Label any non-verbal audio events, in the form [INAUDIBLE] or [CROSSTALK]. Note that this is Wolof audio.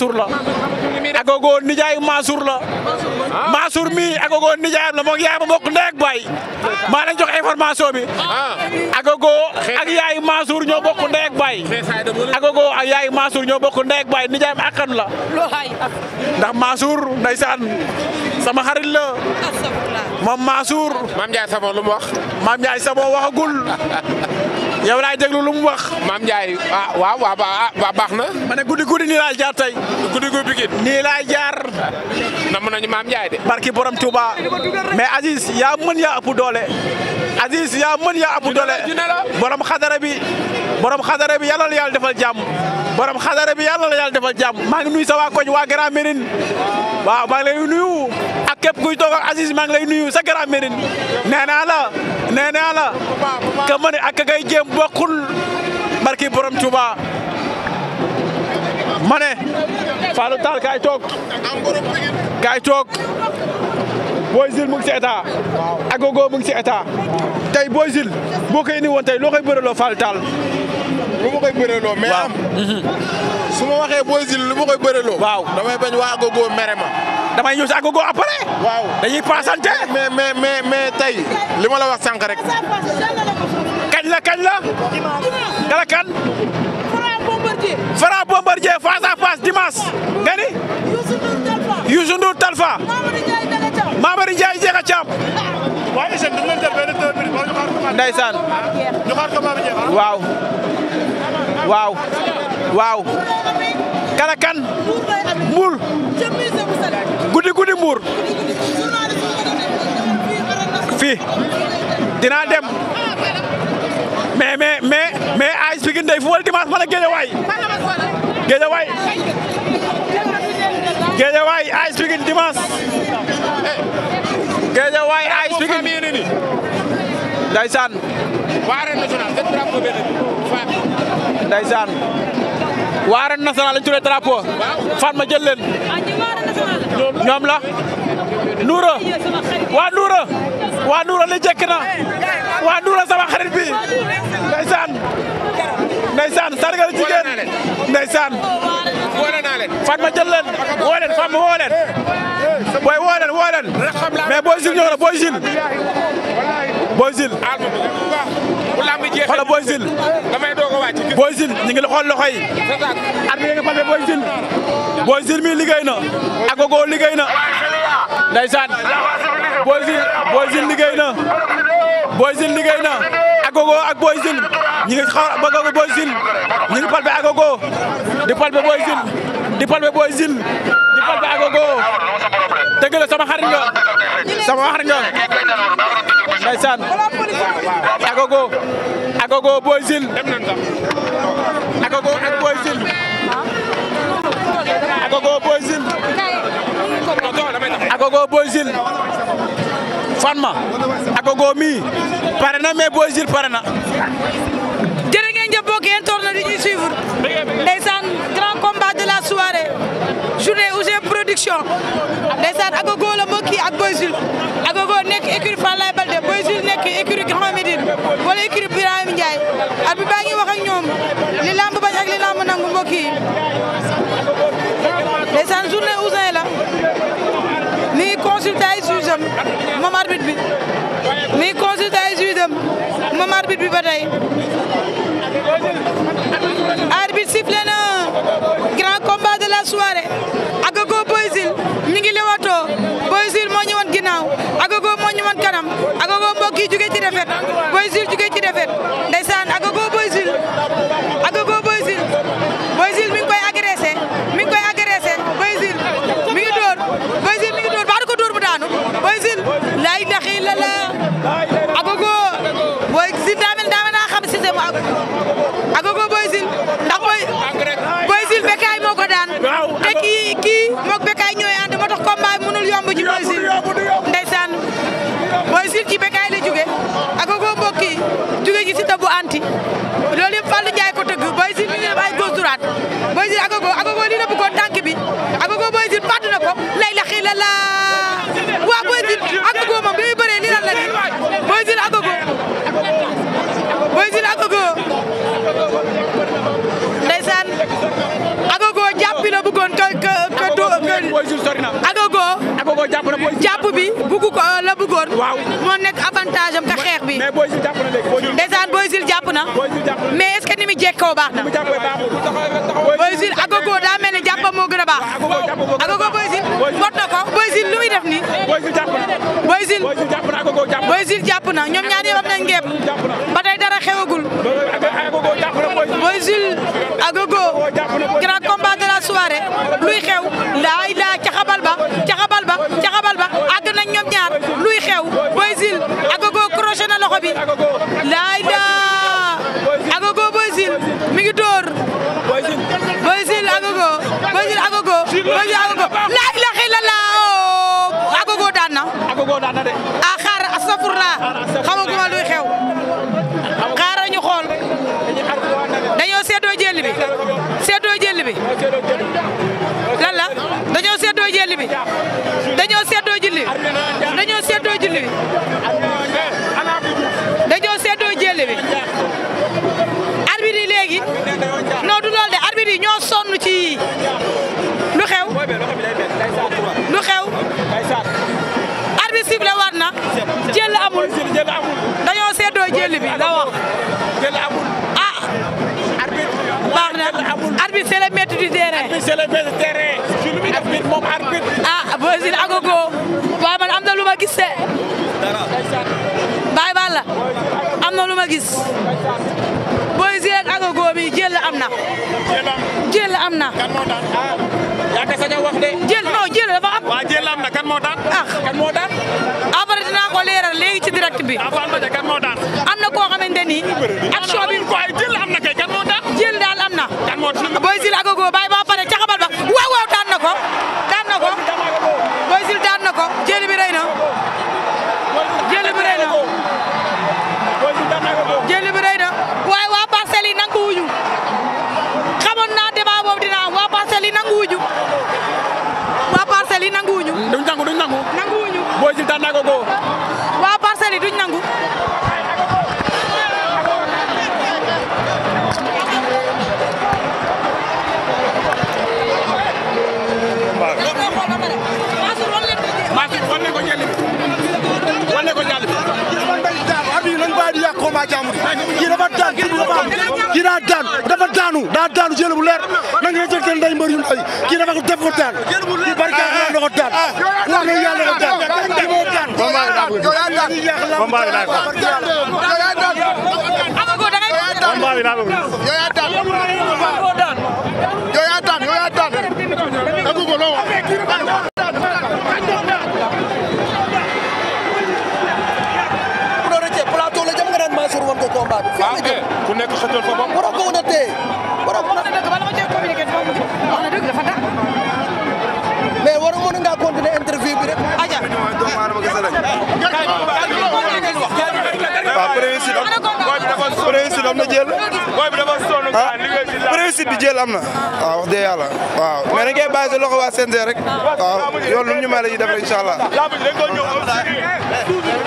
Mansour la agogo nijaayu la Mansour mi agogo nijaayam la moog yaayam a bokk ndey ak baay maa leen jox information bi ñoo bokk ndey ak baay agogo ak yaayu ñoo bokk ndey baay nijaayam akkan la ndax Mansour ndeysaan sama xarit la moom Mansour Maam Ndiaye Savon wax Maam [LAUGHS] yow laay déglu lu mu wax. maam Ndiaye ah waaw waaw ah, baax na. ma ne guddi guddi nii laay jaar tey. guddi guddi Pikine. nii laay jaar. nam nañu maam Ndiaye de. barki borom Touba mais Aziz yaa mën yaa ëpp doole. Aziz yaa mën yaa ëpp doole. borom xadara bi borom xadara bi yàlla yàlla defal jàmm. borom xadara bi yàlla la yàlla defal jàmm maa ngi nuyu sa waa koñ waa Grand Mérine waaw maa ngi lay nuyu ak képp kuy toog ak maa ngi lay nuyu sa Grand Mérine nee la. nee naa la ka mën ak ka ngay bokkul barki borom Tuuba ma ne Fallou Tall kaay toog kaay toog Boy Jules mu ngi si état Agogo mu ngi si état tey Boy Jules boo koy indi woon tey loo koy bëreloo Fallou Tall lu ma koy bëreloo mais am mhm. su ma waxee Boy Jules lu ma koy bëreloo waaw damay bañ waa Agogo mere ma damay ñëw si agogo dañuy paasante. mais mais mais mais tey li la wax sànq rek. kañ la kañ la. kala kan. Franc Bombardier. Franc Bombardier face à face dimanche. nga ni. Youssou Ndour Talfa. Mamadou Ndiaye Diakha Thiam. waaye échec dañu leen jël waaw. waaw waaw. kan ak kan mbuur guddi guddi mbuur fii dinaa dem mais mais mais mais AS Pikine day football dimanche man ak Guédiawaye Guédiawaye Guédiawaye AS Pikine dimanche Guédiawaye AS Pikine ndeysaan ndeysaan waa arène nationale lañ tuddee drapeau Fatma jël ñoom la Noura waa Noura waa Noura li jekk na waa Noura sama xarit bi ndeysaan ndeysaan sargal jigéen ndeysaan Fatma jël leen woo leen Fatma woo leen booy woo leen woo leen mais Boy Jules ñëw Boy Jules Boy Jules xoolal Boy Jules. damay doog a wàcc. Boy Jules ñu ngi xool loxo yi. arme nga liggéey na. Agogo liggéey na. ndeysaan. Boy Jules Boy Jules liggéey na. Boy Jules liggéey na. Agogo ak Boy Jules palpe Agogo di palpe Boy Jules di palpe Boy Jules di palpe Agogo dëgg la sama ndeysaan agogo agogo Boy Jules agogo ak Boy Jules agogo fan ma agogo mi pare na mais Boy pare na jërë ngeen bokk yéen toor na ndeysaan journée Ouzin la mi ngi consulté ay juge moom arbitre bi mi ngi consulté ay juge moom arbitre bi ba tey arbitre grand combat de la soirée Agogo Boy Jules mi ngi lewatoo Boy Jules moo ñu woon ginnaaw Agogo moo kanam Agogo mbokk yi jugee ci rafet Boy Jules ci dóor. waaw moo nekk avantage am ka xeex bi. mais Boy Sil jàpp na léegi boo jël. ndeysaan Boy Sil jàpp na. mais est ce que ni muy jekkoo na. Boy Sil agogo daa mel ni jàppam moo gën a baax. agogo Boy Sil na ko Boy Sil lu muy def nii. Boy Sil jàpp na. Boy Sil Boy jàpp na ñoom ñaar agogo. bi laay Agogo Boy Sil mi ngi door Agogo Boy Agogo Boy Sil Agogo laay la Agogo oh! daan arbitre c'est le maître du terrain. arbitre c'est le maître ah, man am na lu ma gis de. Baye Balla am na lu ma gis. Boyzine ak agogo bi jël am na. jël am na. kan moo daan ah yaa ngi sañ a wax de. am. waaw am na kan moo daan. ah kan moo combat jàmbur kii dafa daan kii daa daan dafa daanu daa daanu jël bu leer na nga jël nday mbër yu ndaw yi kii dafa ko def ko daan kii barka la ko daan wax na yàlla ko daan kii moo daan combat bi daa bëgg yow yaa daan yow yaa daan yow yaa daan waaw président président am na jël. ah président bi jël am na. waaw ah, wax dëgg yàlla waaw mais waa CNG rek. waaw yoon ñu may la ñuy def rek